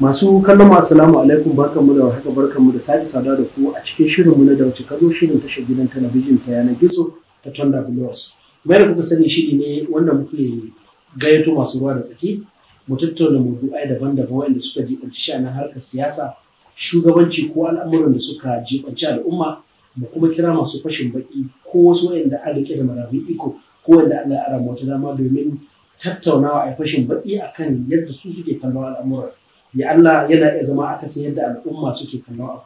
Masu kallon masu salamu alaikum mu da haka barkan mu da sake saduwa da ku a cikin shirin mu na dauce kazo shirin tashar gidan talabijin ta yanar gizo ta Thunder Blues. da kuka sani shi ne wanda muke gayyato masu ruwa da tsaki mu tattauna mu ai daban-daban wanda suka jibanci shana harkar siyasa shugabanci ko al'amuran da suka jibanci al'umma mu kuma kira masu fashin baki ko wasu wanda a rike da marabi iko ko wanda Allah ya ara wata dama domin tattaunawa a fashin baki akan yadda su suke kallon al'amuran ya Allah yana iya zama aka sai yadda al'umma suke kallon abu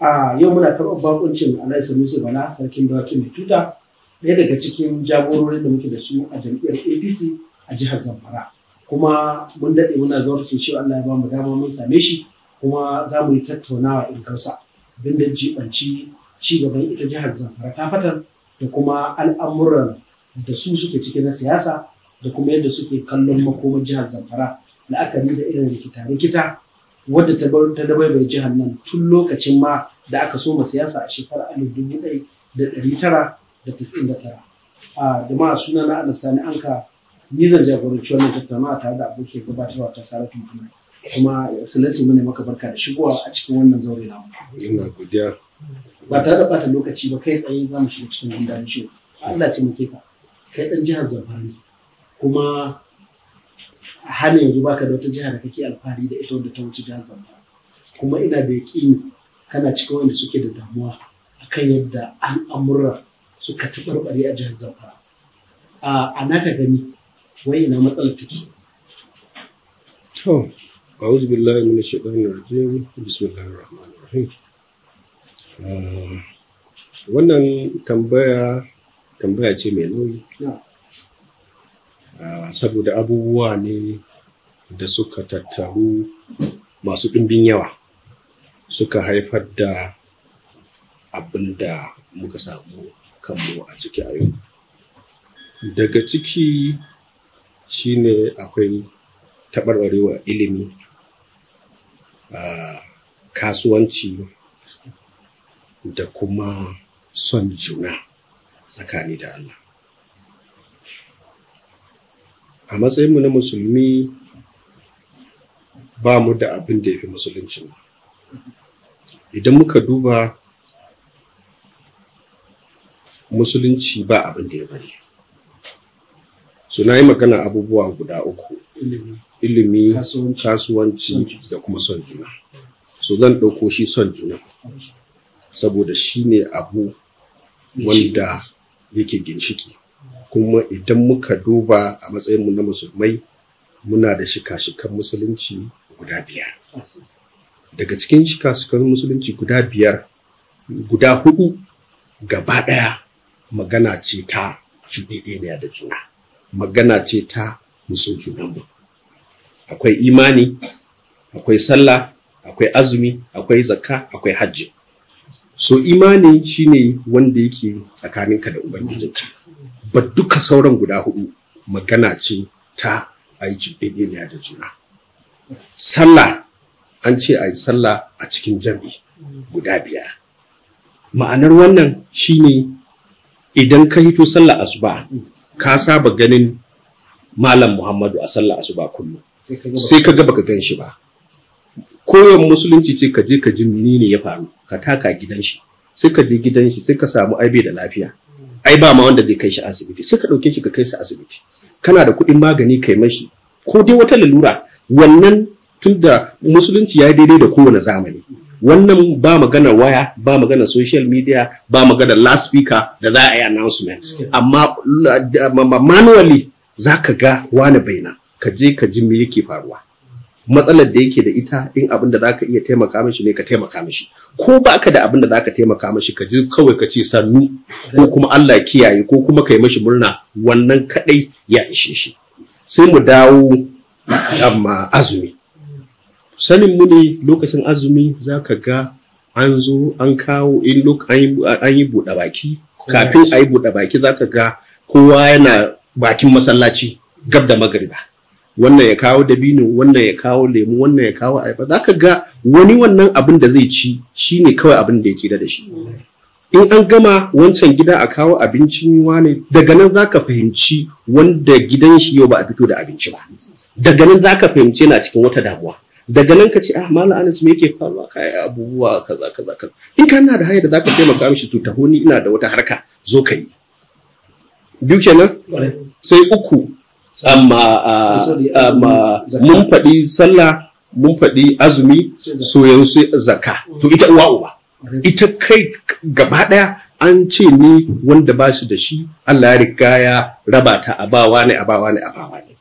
a yau muna karɓar bakuncin Alhaji musu Bala sarkin dawaki mai tuta ɗaya daga cikin jagororin da muke da su a jam'iyyar APC a jihar Zamfara kuma mun daɗe muna zuwa su cewa Allah ya ba mu dama mun same shi kuma za mu yi tattaunawa in kausa don da jibanci ci gaban ita jihar Zamfara ta fatar da kuma al'amuran da su suke ciki na siyasa da kuma yadda suke kallon makomar jihar Zamfara la'akari da irin rikita-rikita wadda ta bar ta bai jihar nan tun lokacin ma da aka soma siyasa a shekarar alif dubu ɗaya da ɗari tara da tisɗin da tara. A jama'a suna na Anas Sani Anka nizan jagoranci wannan tattaunawa tare da abokin gabatarwa ta Saratu Muhammad. Kuma sulaci mune maka barka da shigowa a cikin wannan zaure namu. Ina godiya. Ba tare da bata lokaci ba kai tsaye za mu shiga cikin wanda shi. Allah taimake ka. Kai ɗan jihar Zamfara Kuma A har yanzu baka da wata jiha da kake alfahari da ita wanda ta wuce jihar Zamfara kuma ina da yaƙini kana cikin wanda suke da damuwa akan yadda al'amura suka taɓarɓare a jihar Zamfara a ka gani wai ina matsalar take to أعوذ بالله من الشيطان الرجيم بسم الله الرحمن wannan tambaya tambaya ce mai nauyi Ah, saboda abubuwa ne da suka tattaru masu ɗimbin yawa suka haifar da abin da muka samu kanmu a ciki a yau daga ciki shine akwai taɓarɓarewa ilimi a ah, kasuwanci da kuma son juna tsakani da Allah a matsayinmu na musulmi ba mu da abin da ya fi musulunci idan muka duba musulunci ba abin da ya bari Su na yi magana abubuwa guda uku ilimi kasuwanci da kuma son juna su zan ɗauko shi son juna saboda shi ne abu wanda yake ginshiki kuma idan muka duba a matsayinmu na musulmai muna da shika-shikan musulunci guda biyar daga cikin shika-shikan musulunci guda biyar guda hudu gaba ɗaya magana ce ta cuɗeɗeniya da juna magana ce ta musu junanmu akwai imani akwai sallah akwai azumi akwai zakka akwai hajji so imani shine wanda yake tsakaninka da ubangijinka ba duka sauran guda hudu magana ce ta a yi da juna sallah an ce a yi sallah a cikin jam'i guda biyar ma'anar wannan shine idan ka hito sallah asuba ka saba ganin malam muhammadu a sallah asuba kullum sai ka gaba ka gan shi ba koyon musulunci ce ka je ka ji menene ya faru ka taka gidan shi sai ka je gidan shi sai ka samu aibe da lafiya ai ba ma wanda zai kai shi asibiti sai ka ɗauke shi ka kai shi asibiti kana da kuɗin magani kai mashi ko dai wata lalura wannan tunda musulunci ya daidai da kowane zamani wannan ba maganar waya ba maganar social media ba maganar last speaker da za a yi announcement amma manually za ka ga wani baina ka je ka ji me yake faruwa matsalar da yake da ita in abin da zaka iya taimaka mishi ne ka taimaka mishi ko baka da abin da zaka taimaka mishi ka ji kawai ka ce sannu ko kuma Allah kiyaye ko kuma ka kai mashi murna wannan kadai ya ishe shi sai mu dawo amma azumi sanin mu ne lokacin azumi zaka ga an zo an kawo in an yi buɗe baki kafin a yi buɗe baki zaka ga kowa yana bakin masallaci gab da magariba wannan ya kawo dabino wannan ya kawo lemu wannan ya kawo ayaba za ka ga wani wannan abin da zai ci shi ne kawai abin da ya yake da shi in an gama wancan gida a kawo abincin ne? daga nan za ka fahimci wanda gidan shi yau ba a fito da abinci ba daga nan za ka fahimci yana cikin wata damuwa daga nan ka ce ah mala anas me yake faruwa kai abubuwa kaza kaza kaza in ka na da haya da za ka taimaka mishi to taho ni ina da wata harka zo ka yi biyu kenan sai uku amma mun faɗi sallah mun faɗi azumi soyayen zaka. to ita uwa uba ita kai gaba ɗaya an ce ni wanda ba shi da shi Allah ya riga ya raba ta a bawa ne a bawa ne a bawa ne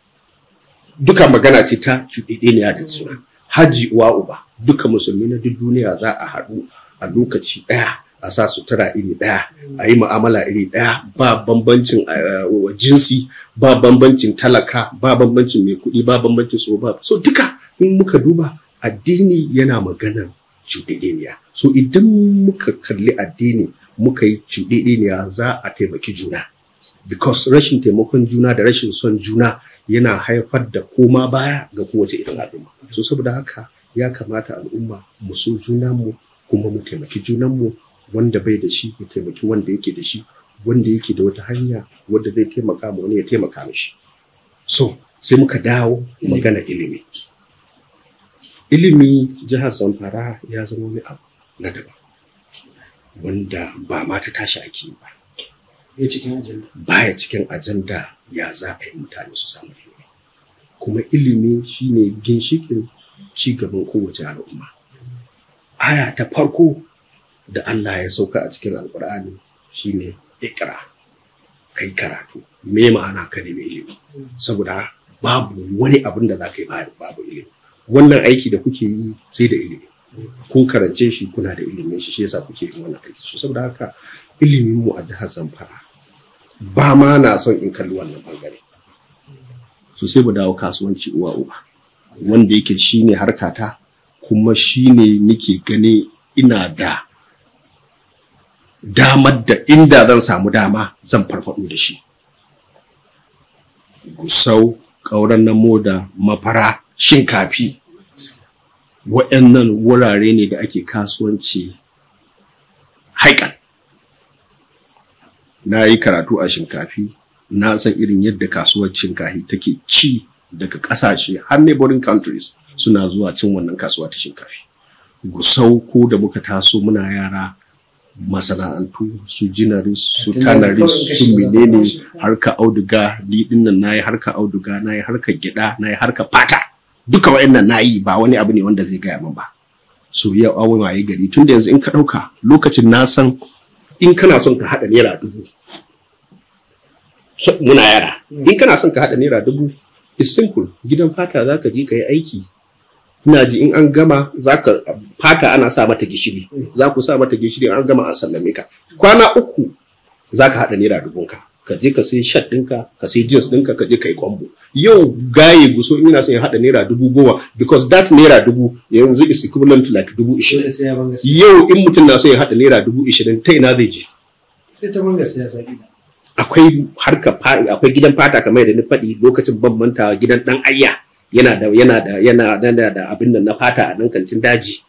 duka magana ce ta cuɗeɗeniya da suna haji uwa uba duka musulmi na duk duniya za a haɗu a lokaci ɗaya a sa sutura iri ɗaya a yi mu'amala iri ɗaya ba bambancin eh, jinsi ba bambancin talaka ba bambancin mai kuɗi ba bambancin so ba so duka in muka duba addini yana maganar cuɗeɗeniya so idan muka kalli addini muka yi cuɗeɗeniya za a taimaki juna because rashin taimakon juna da rashin son juna yana haifar da koma baya ga kowace irin al'umma so saboda haka ya kamata al'umma mu so junanmu kuma mu taimaki junanmu wanda bai da shi ya taimaki wanda yake da shi wanda yake da wata hanya wanda zai taimaka ma wani ya taimaka mishi so sai muka dawo magana ilimi ilimi jihar zamfara ya zama wani abu na daban wanda ba ma ta tashi ake ba baya cikin ajanda ya za a yi mutane su samu ilimi kuma ilimi shine ginshikin ci gaban kowace al'umma aya ta farko da Allah ya sauka a cikin alkur'ani shine ikra kai karatu me ma'ana ka nemi ilimi saboda babu wani abin da za ka yi babu ilimi wannan aiki da kuke yi sai da ilimi kun karance shi kuna da ilimi shi shi yasa kuke yin wannan aiki saboda haka ilimin mu a jihar Zamfara ba ma na son in kalli wannan bangare so sai mu dawo kasuwanci uwa uwa. wanda yake shine harkata kuma shi ne nake gani ina da damar da inda zan samu dama zan farfaɗo da shi gusau ƙauren na moda mafara shinkafi waɗannan wurare ne da ake kasuwanci haikan na yi karatu a shinkafi na san irin yadda kasuwar shinkafi take ci daga ƙasashe har neighboring countries suna zuwa cin wannan kasuwa ta shinkafi gusau ko da muka taso muna yara masana'antu su jinaris su tanaris su menene harka auduga ni nan nayi harka auduga nayi harka gida nayi harka fata duka wa'annan nayi ba wani abu ne wanda zai gaya min ba so ya awon waye gari tun da yanzu in ka dauka lokacin na san in kana son ka hada naira dubu muna yara in kana son ka hada naira dubu is simple gidan fata zaka je ka yi aiki ina ji in an gama za fata ana sa mata gishiri za ku sa mata gishiri an gama an sallame ka kwana uku za ka haɗa naira dubun ka ka je ka sai shat ɗinka ka sai jeans ɗinka ka je ka yi kwambo yau gaye guso in ina son ya haɗa naira dubu goma because that naira dubu yanzu is equivalent to like dubu ishirin yau in mutum na so ya haɗa naira dubu ishirin ta ina zai je sai ta manga siyasa akwai harka akwai gidan fata kamar yadda na faɗi lokacin ban manta gidan ɗan ayya yana da yana da yana da abin da na fata a nan kantin daji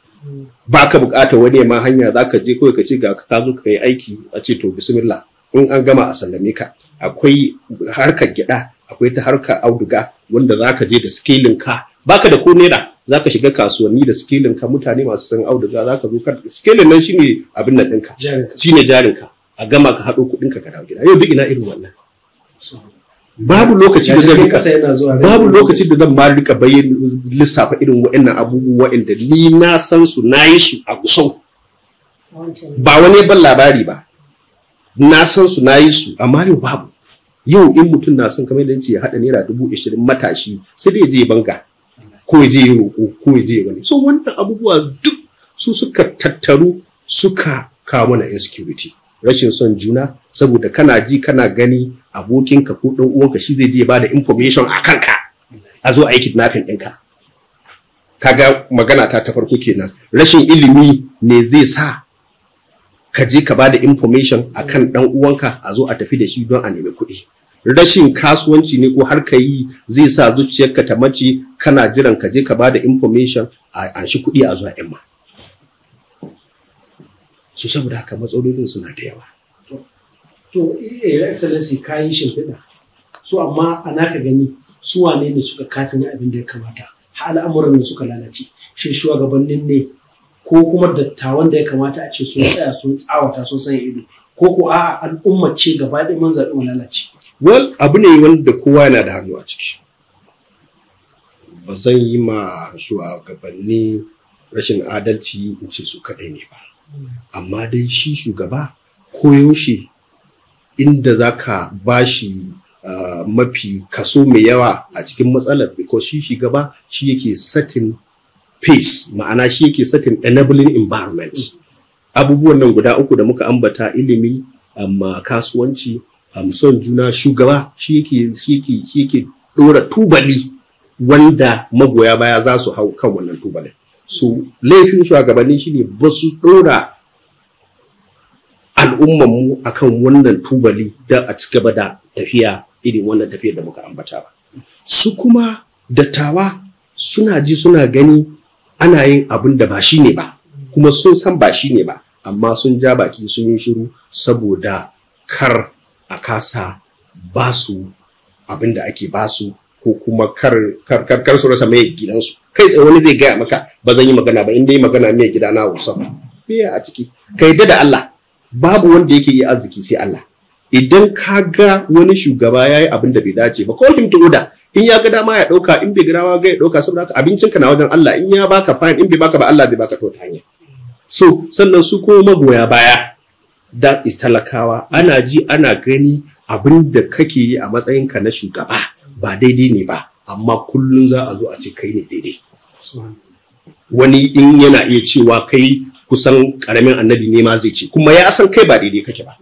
ba ka bukatar wani ma hanya za ka je kawai ka ce ga ka zo ka yi aiki a ce to bismillah in an gama a sallame ka akwai harkar gyaɗa. akwai ta harkar auduga wanda za ka je da skilin ka baka da ko naira za ka shiga kasuwanni da skilin ka mutane masu san auduga za ka zo ka skilin nan shine abin nan ɗinka shine jarinka a gama ka haɗo kuɗinka ka dawo gida yau duk ina irin wannan babu lokaci da zan babu lokaci da zan ma rika bayyana lissafa irin wa'annan abubuwa inda ni na san su na yi su a gusau ba wani ban labari ba na san su na yi su amma yau babu yau in mutum na son kamar yadda ya haɗa naira dubu ashirin matashi sai dai je banga ko ya je roƙo ko ya je wani so wannan abubuwa duk su suka tattaru suka kawo mana insecurity rashin son juna saboda kana ji kana gani abokinka ko ɗan uwanka shi zai je ba da information a kanka a zo a yi kidnapping ɗinka kaga magana ta ta farko kenan rashin ilimi ne zai sa ka je ka ba da information a kan ɗan uwanka a zo a tafi da shi don a nemi kuɗi rashin kasuwanci ne ko har ka yi zai sa zuciyarka ta mace kana jiran ka je ka ba da information a shi kuɗi a zuwa imma su saboda haka matsalolin suna da yawa to iya eh, excellency ka yi shimfiɗa su amma a naka gani su wane ne suka kasa ne abin da ya kamata har al'amuran da suka lalace shi shugabannin ne ko kuma dattawan da ya kamata a ce sun tsaya sun tsawata sun sanya ido ko ko a al'umma ce gaba ɗaya mun zaɓi lalace. Wal abu ne wanda kowa yana da hannu a ciki ba zan yi ma shugabanni rashin adalci in ce su kaɗai ne ba amma dai shi shugaba koyaushe inda za ka ba shi uh, mafi kaso mai yawa a cikin matsalar because shi shugaba shi yake satin pace ma'ana shi yake satin enabling environment abubuwan nan guda uku da muka ambata ilimi um, kasuwanci um, son juna shugaba shi yake dora tubali wanda magoya baya za su hau kan wannan tubalin so laifin shugabanni shine ba su dora al'ummar mu akan wannan tubali don a ci gaba da tafiya irin wannan tafiyar da muka ambata ba su kuma dattawa suna ji suna gani ana yin abin da ba shi ne ba kuma sun san ba shi ne ba amma sun ja baki sun yi shiru saboda kar a kasa ba su abin da ake ba su ko kuma kar kar su rasa mai gidansu kai tsaye wani zai gaya maka ba zan yi magana ba inda yi magana mai gida na wasa me a ciki kai da Allah babu wanda yake yi arziki sai Allah idan ka ga wani shugaba ya yi abin da bai dace ba call him to order in ya ga dama ya ɗauka in bai gidawa ga ya ɗauka saboda haka abincin ka na wajen Allah in ya baka fine in bai baka ba Allah bai baka to hanya so sannan su kuma magoya baya that is talakawa ana ji ana gani abin da kake yi a matsayin ka na shugaba ba daidai ne ba amma kullum za a zo a ce kai ne daidai wani in yana iya cewa kai kusan karamin annabi ne ma zai ce kuma ya san kai ba daidai kake ba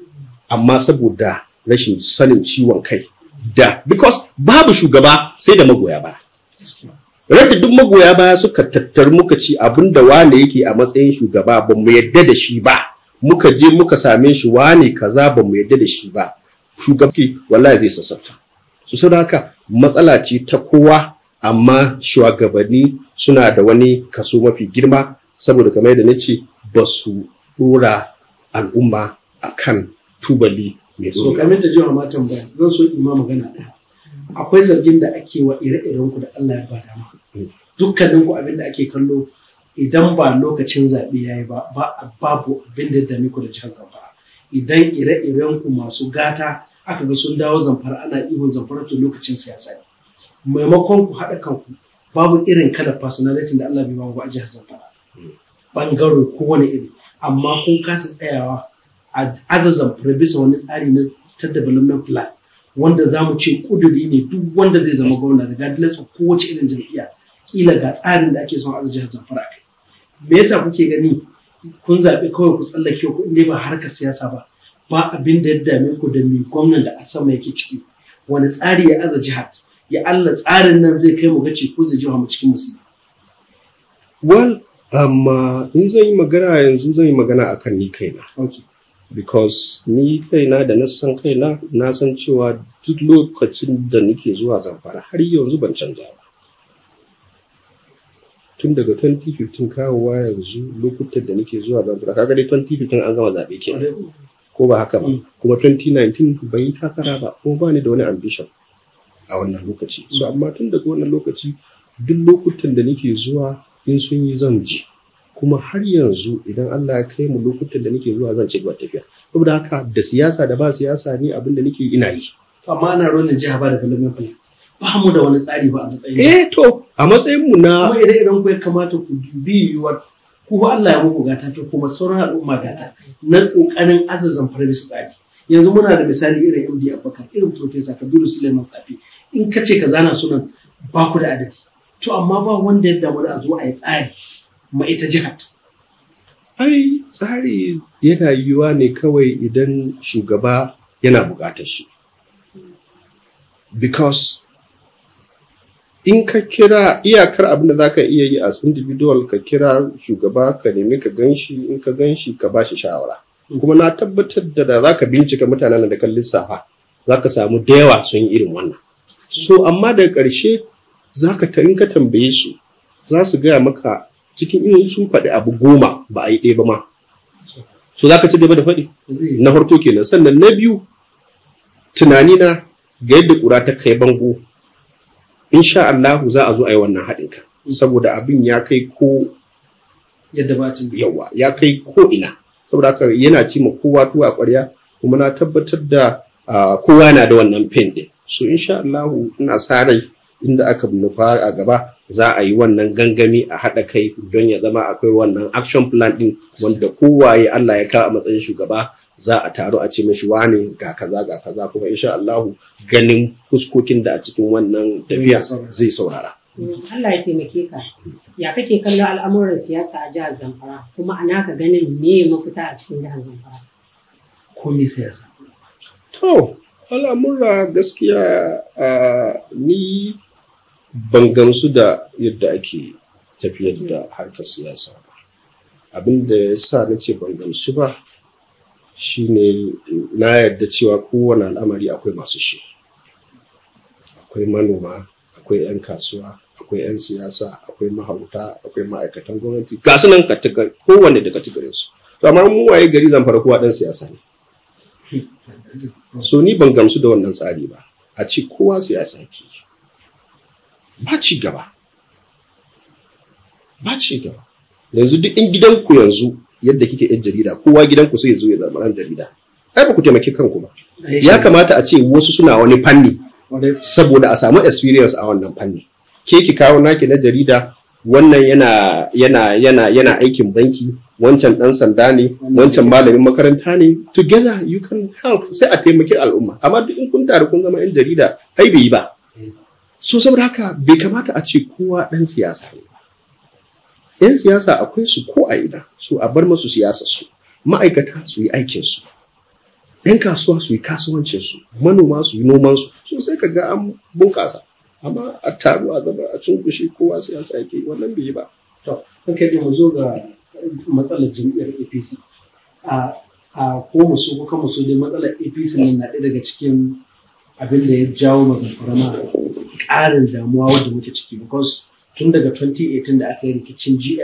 amma saboda rashin sanin ciwon kai da because babu shugaba sai da magoya ba Rabbi duk magoya baya suka tattar muka ci abin da wane yake a matsayin shugaba ba mu yadda da shi ba muka je muka same shi wane kaza ba mu yadda da shi ba shugabki wallahi zai sassauta su sun haka matsala ce ta kowa amma shugabanni suna da wani kaso mafi girma saboda kamar da na ce ba su dora al'umma a kan tubali mai so kamin ta jiwa matan ba zan so in magana ɗaya akwai zargin da ake wa ire-iren ku da Allah ya ba dama mm. dukkanin ku abin da ake kallo idan ba lokacin zaɓe ya yi ba ba babu abin da dami ku da jihar zamfara idan ire-iren ku masu gata aka ga sun dawo zamfara ana ihun zamfara to lokacin siyasa maimakon ku haɗa kanku babu irin kada personality da Allah bai ba a jihar zamfara bangare kowane iri amma kun kasa tsayawa a azazan bisa wani tsari na state development plan wanda za mu ce kuduri ne duk wanda zai zama gwamna da ko kowace irin jam'iyya kila ga tsarin da ake son azu jihar zamfara kai me yasa kuke gani kun zaɓi kawai ku tsallake ku inda ba harkar siyasa ba ba abin da ya dame ku da mai gwamnan da a sama yake ciki wani tsari ya aza jihar ya Allah tsarin nan zai kai mu gaci ko zai jiwa mu cikin musulmi. Well, amma in zan yi magana yanzu zan yi magana akan ni kaina because ni kaina da na san kaina na san cewa duk lokacin da nake zuwa zamfara har yanzu ban canza ba tun daga 2015 kawowa yanzu lokutan da nake zuwa zamfara kaga dai 2015 an gama zaɓe kenan ko ba haka ba mm. kuma 2019 ban yi takara ba ko ba ni da wani ambition a wannan lokaci so mm. amma tun daga wannan lokaci duk lokutan da nake zuwa in sun yi zan ji kuma har yanzu idan Allah ya kai mu lokutan da nake zuwa zan ci gaba tafiya saboda haka da siyasa da ba siyasa ni abin da nake ina yi amma ana rolin jiha ba da talamin ba mu da wani tsari ba a matsayin eh to a matsayin mu na kuma idan idan ku ya kamata ku bi yiwuwar ku Allah ya muku gata to kuma sauran al'umma gata na kokarin azazan farbis tsari yanzu muna da misali irin MD Abubakar irin Professor Kabiru Suleiman Tsafi in kace ka zana sunan ba ku da adadi to amma ba wanda ya damu a zo a yi tsari ma ita jihar ai tsari yana yiwuwa ne kawai idan shugaba yana buƙatar shi because in ka kira iyakar abin da za ka iya yi as individual ka kira shugaba ka nemi ka ganshi in ka ganshi ka bashi shawara kuma na tabbatar da da za ka bincika mutanen da kan lissafa za ka samu da yawa sun yi irin wannan so amma daga ƙarshe za ka in ka tambaye su za su gaya maka cikin irin sun faɗi abu goma ba a yi ɗaya ba ma so za ka ci gaba da faɗi na farko kenan sannan na biyu tunani na ga yadda ƙura ta kai bango insha Allah za a zo a yi wannan haɗin ka saboda abin ya kai ko yadda ba yawa ya kai ko ina saboda haka yana ci ma kowa tuwa ƙwarya kuma na tabbatar da ah, kowa na da wannan pen ɗin so insha na ina sa rai inda aka nufa a gaba za a yi wannan gangami a haɗa kai don ya zama akwai wannan action plan ɗin wanda kowaye Allah ya kawo a matsayin shugaba za a taru a ce mashi wane ga kaza ga kaza kuma insha Allahu ganin fuskokin da a cikin wannan tafiya zai saurara. Allah ya taimake ka. Ya kake kallon al'amuran siyasa a jihar Zamfara kuma a ka ganin me mafita a cikin jihar Zamfara? Komi siyasa. To, al'amura gaskiya ah, ni ban gamsu da yadda ake tafiyar da harkar siyasa ba. abin da ya sa na ce ban gamsu ba shi ne na yarda cewa kowane al'amari akwai masu shi akwai manoma akwai 'yan kasuwa akwai 'yan siyasa akwai mahauta akwai ma'aikatan gwamnati ga su nan kowane da kategorin su to amma mu waye gari zan fara kowa dan siyasa ne so ni ban gamsu da wannan tsari ba a ci kowa siyasa ke ba ci gaba yanzu duk in gidanku yanzu yadda kike yan jarida kowa gidanku sai ya zo ya zama ran jarida ai ba ku taimaki kanku ba ya kamata a ce wasu suna wani fanni saboda a samu experience a wannan fanni ke ki kawo naki na jarida wannan yana yana yana yana aikin banki wancan dan sanda ne wancan malamin makaranta ne together you can help sai a taimaki al'umma amma duk in kun taru kun zama yan jarida ai bai yi ba so saboda haka bai kamata a ce kowa ɗan siyasa ne yan siyasa akwai su ko a ina so a bar masu siyasa su ma'aikata su yi aikin su yan kasuwa su yi kasuwancin su manoma su yi noman su so sai ka ga an bunƙasa amma a taru a zama a cunkushe kowa siyasa yake wannan bai yi ba to kan kai mu zo ga matsalar jam'iyyar APC a ko mu ko kan mu so dai matsalar APC ne na ɗaya daga cikin abin da ya jawo mazamfarama Karin damuwa wadda muke ciki because tun daga 2018 da aka yi rikicin g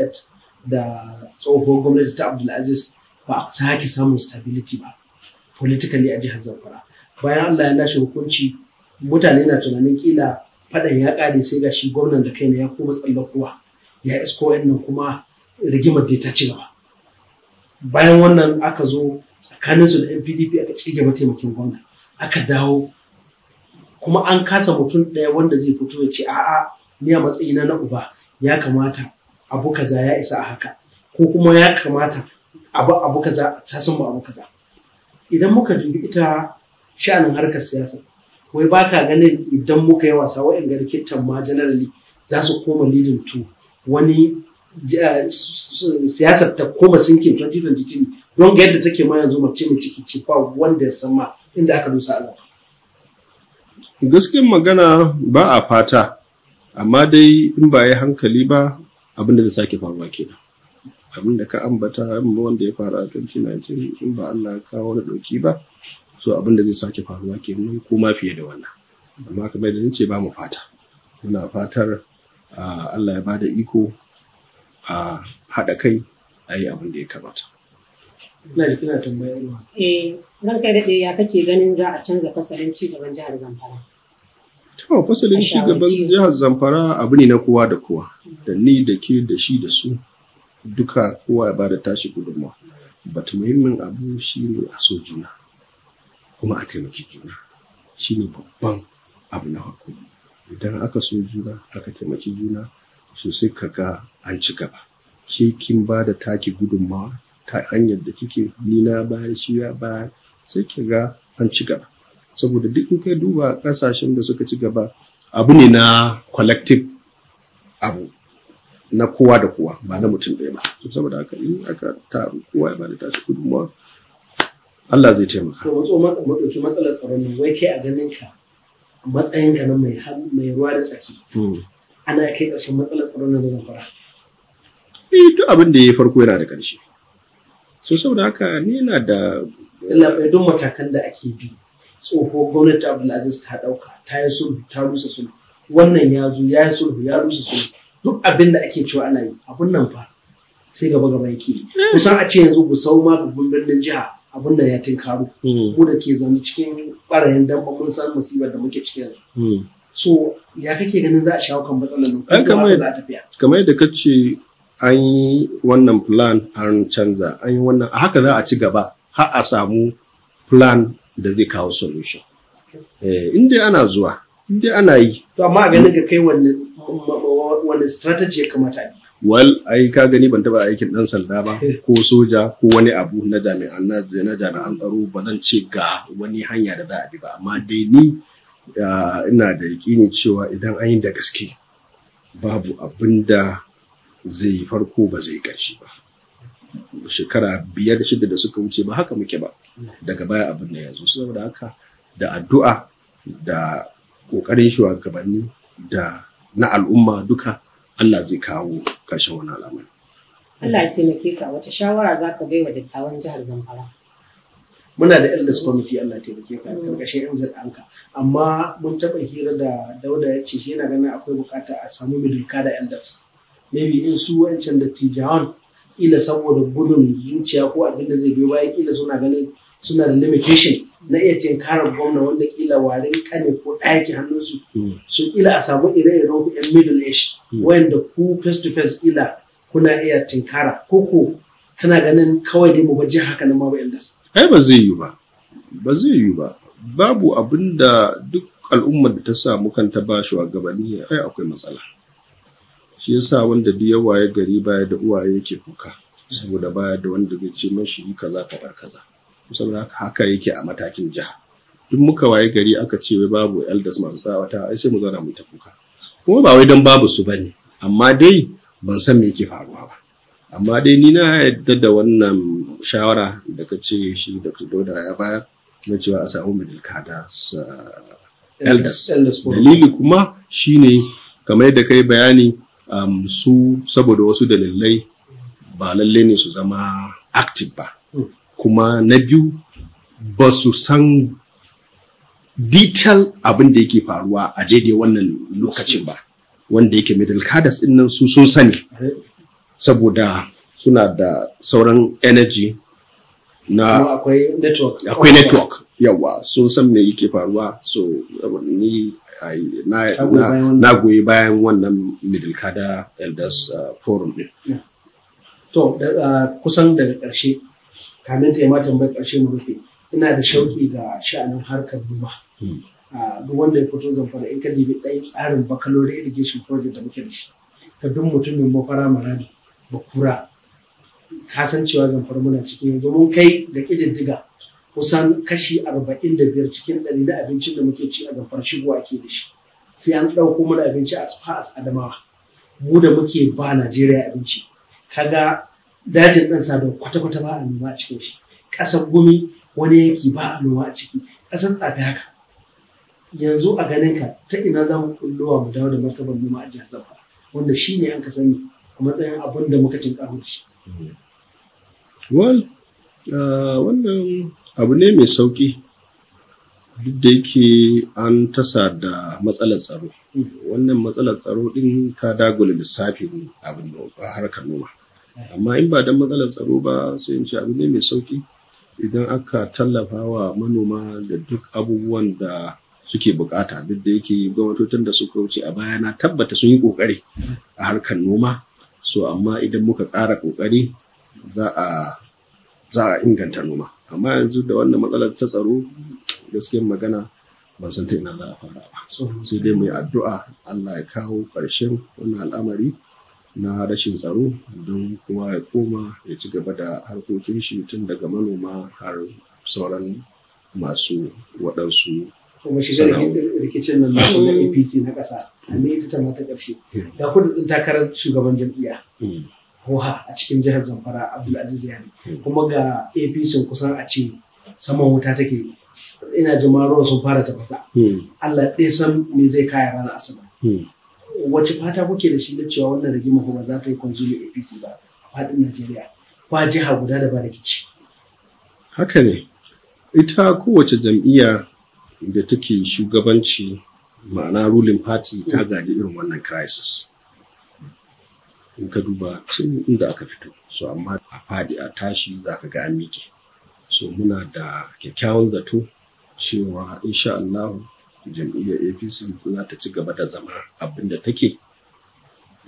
da tsohuwar gwamnati ta abdulaziz ba a sake samun stability ba politically a jihar zamfara bayan allah ya lashe hukunci mutane na tunanin kila fadan ya ƙare sai ga shi gwamnan da kaina ya koma kuwa. ya isko wannan kuma rigimar da ta ci gaba bayan wannan aka zo tsakanin su da npdp aka cike mataimakin gwamna aka dawo kuma an kasa mutum ɗaya wanda zai fito ya ce a'a ni a matsayi na uba ya kamata abu kaza ya isa a haka ko kuma ya kamata abu abu kaza ta san abu kaza idan muka dubi ita sha'anin harkar siyasa wai ba ka ganin idan muka yi wasa wa'in ga ma generally za su koma leading to wani siyasar ta koma sinkin 2022 don ga yadda take ma yanzu mace mai ciki ba wanda ya san ma inda aka dosa Allah gaskiyar magana ba a fata amma dai in ba ya hankali ba abin da zai sake faruwa kenan abin da ka ambata wanda ya faru a 2019 in ba Allah kawo wani ɗauki ba so abin da zai sake faruwa kenan ko ma fiye da wannan amma kamar da ce ba mu fata muna fatar Allah ya bada iko a haɗa kai a yi abin da ya kamata. Ina da kina tambayarwa. Eh, ranka daɗe ya kake ganin za a canza fasalin ci gaban jihar Zamfara. To fasalin shi gaban jihar Zamfara abu ne na kowa da kowa, da ni da ke da shi da su duka kowa ya bada tashi gudummawa, Bata muhimmin abu shi ne a so juna, kuma a taimaki juna, shi ne babban abu na farko. Idan aka so juna, aka taimaki juna, sosai kaga an ci gaba. Ke kin ba da taki gudunmawa ta hanyar da kike ni na bayar shi ya bayar sai ki ga an ci gaba. saboda duk in kai duba kasashen da suka ci gaba abu ne na collective abu na kowa da kowa ba na mutum ɗaya ba saboda haka in aka taru kowa ya bada tashi gudunmawa Allah zai taimaka. To matso maɗauki matsalar tsaro ne wai kai a ganin ka matsayin ka na mai mai ruwa da tsaki. Hmm. Ana kai ƙarshen matsalar tsaro ne da fara. Eh duk abin da ya farko yana da ƙarshe. So saboda haka ni yana da. Ina bai duk matakan da ake bi tsoho gwamnati abdulaziz ta ɗauka ta yi sulhu ta rusa sulhu wannan ya zo ya yi sulhu ya rusa sulhu duk abin da ake cewa ana yi abun nan fa sai gaba gaba yake kusan a ce yanzu sau ma babban birnin jiha abun nan ya tinkaru. Hmm. ko da ke zaune cikin ɓarayin dan mun san musibar da muke cikin yanzu hmm. so ya kake ganin za a shawo kan matsalar nan tafiya kamar yadda ka ce an yi wannan plan an canza an yi wannan a haka za a ci gaba har a samu plan da zai kawo solution eh, in dai ana zuwa in dai ana yi to amma a ganin ka kai wani strategy ya kamata ne wal ai ka gani ban taba aikin ɗan sanda ba ko soja ko wani abu na jami'an na jami'an tsaro ba zan ce ga wani hanya da za a bi ba amma dai ni ina da yakini cewa idan an yi da gaske babu abin da zai farko ba zai ƙarshe ba shekara biyar shida da suka wuce ba haka muke ba daga baya abin da ya zo saboda haka da addu'a da ƙoƙarin shugabanni da na al'umma duka Allah zai kawo ƙarshen wani al'amari. Allah ya taimake ka wata shawara za ka baiwa dattawan jihar Zamfara? Muna da elders committee Allah ya taimake ka karkashin yan zaɗanka amma mun taɓa hira da Dauda ya ce shi yana ganin akwai bukata a samu milika da elders. Maybe in su wancan dattijawan ila saboda gudun zuciya ko abin da zai biyo baya kila suna ganin suna da limitation na iya tinkarar gwamna wanda kila warin kane ko ɗaki hannunsu hmm. su kila a samu ire-iren ku yan middle age hmm. wanda ku face to face kila kuna iya tinkara ko ko kana ganin kawai dai mu baje haka nan ma ba su. ai ba zai yi ba ba zai yi ba babu abinda duk al'ummar da ta samu kanta ba gabani ai akwai matsala shi yasa wanda duk yawa ya gari baya da uwaye yake kuka saboda baya da wanda zai ce mashi kaza kaza kaza saboda haka haka yake a matakin jiha duk muka waye gari aka ce wai babu elders masu tsawata ai sai mu zauna mu ta kuka kuma ba wai dan babu su bane amma dai ban san me yake faruwa ba amma dai ni na yadda da wannan shawara da ka ce shi da Doda ya baya na cewa a samu middle cadres uh, elders dalili kuma shine kamar da kai bayani um, su saboda wasu dalilai ba lalle ne su zama active ba kuma na biyu ba su san detail abin da yake faruwa a daidai wannan lokacin ba wanda yake middle cadres din nan su sun sani saboda suna da sauran energy na akwai network akwai network yawa sun san me yake faruwa so ni na goyi bayan wannan middle cadre elders uh, forum din to uh, kusan daga ƙarshe kamin ta yi ma tambayar ƙarshe mu rufe ina da shauki ga sha'anin harkar noma hmm. duk wanda ya fito zamfara in ka dibi ɗaya tsarin baccalaureate irrigation project da muke da shi ka duk mutumin mafara marami bakura kasancewa zamfara muna cikin yanzu mun kai ga ƙididdiga kusan kashi arba'in da biyar cikin ɗari na abincin da muke ci a zamfara shigo ake da shi sai an ɗauko mana abinci a fa'as adamawa mu da muke ba najeriya abinci kaga dajin ɗan sado kwata-kwata ba a noma a cikin shi ƙasar gumi wani yanki ba a noma a ciki ƙasar tsada haka yanzu a ganin ka ta ina za mu kullowa mu dawo da martaban noma a jihar zamfara wanda shi ne an ka sani a matsayin abin da muka cin karo shi. Uh, wannan abu ne mai sauƙi duk da yake an tasa da matsalar tsaro hmm. wannan matsalar tsaro ɗin ta dagula lissafin abin harkar noma. amma in ba don matsalar tsaro ba sai in ce abu ne mai sauki idan aka tallafa wa manoma da duk abubuwan da suke bukata duk da yake gwamnatocin da suka wuce a baya na tabbata sun yi kokari a harkar noma so amma idan muka ƙara kokari za a inganta noma amma yanzu da wannan matsalar ta tsaro gaskiyar magana ban san ta ina za a fara ba sai dai mu yi addu'a Allah ya kawo ƙarshen wannan al'amari na rashin tsaro don kowa ya koma ya ci gaba da harkokin shi tun daga manoma har sauran masu waɗansu kuma shi zai rikicin nan na apc na ƙasa a ne ta mata ƙarshe da kudin takarar shugaban jam'iyya hmm. hoha a cikin jihar zamfara abdulaziz yari hmm. kuma ga apc kusan a ce saman wuta take ina jima ruwan sun fara tafasa hmm. allah ɗaya san me zai kaya ranar asabar wace fata kuke da shi da cewa wannan rigima kuma za ta yi kwanzuli apc ba a faɗin najeriya ba jiha guda da ba rikici haka ne ita kowace jam'iyya da take shugabanci ma'ana ruling party ta gaji irin wannan crisis in ka duba tun inda aka fito so amma a faɗi a tashi za ka ga an so muna da kyakkyawan zato cewa insha Allah jam'iyyar apc za ta ci gaba da zama abin da take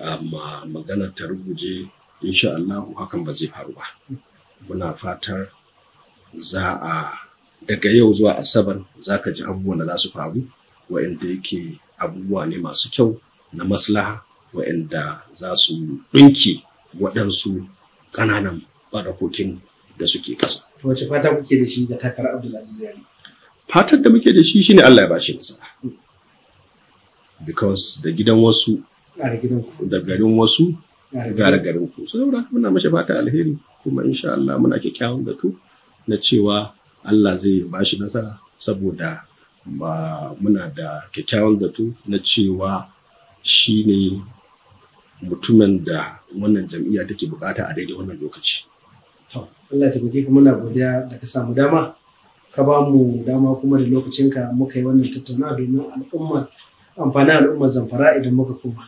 amma magana ta ruguje insha Allah hakan ba zai faru ba muna fatar za a daga yau zuwa asabar za ka ji abubuwan da za su faru wa'anda yake abubuwa ne masu kyau na maslaha wa'anda za su ɗinki waɗansu ƙananan barakokin da suke ƙasa. Wace fata kuke da shi ga takarar Abdullahi Yari? fatar da muke da shi shine Allah ya bashi nasara because da gidan wasu da garin wasu gara garin ku saboda muna mashi fata alheri kuma insha Allah muna kyakkyawan zato na cewa Allah zai bashi nasara saboda ba muna da kyakkyawan zato na cewa shi ne mutumin da wannan jam'iyya take bukata a daidai wannan lokaci. Allah ya gode kuma muna godiya da ka samu dama. ka ba mu dama kuma da lokacinka muka yi wannan tattauna domin al'umma amfani al'ummar zamfara idan muka koma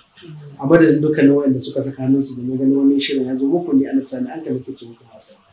a madadin dukkanin waɗanda suka saka hannunsu domin ganin wani shirin ya zo muku ne a nasarar an kalli kuce muku wasa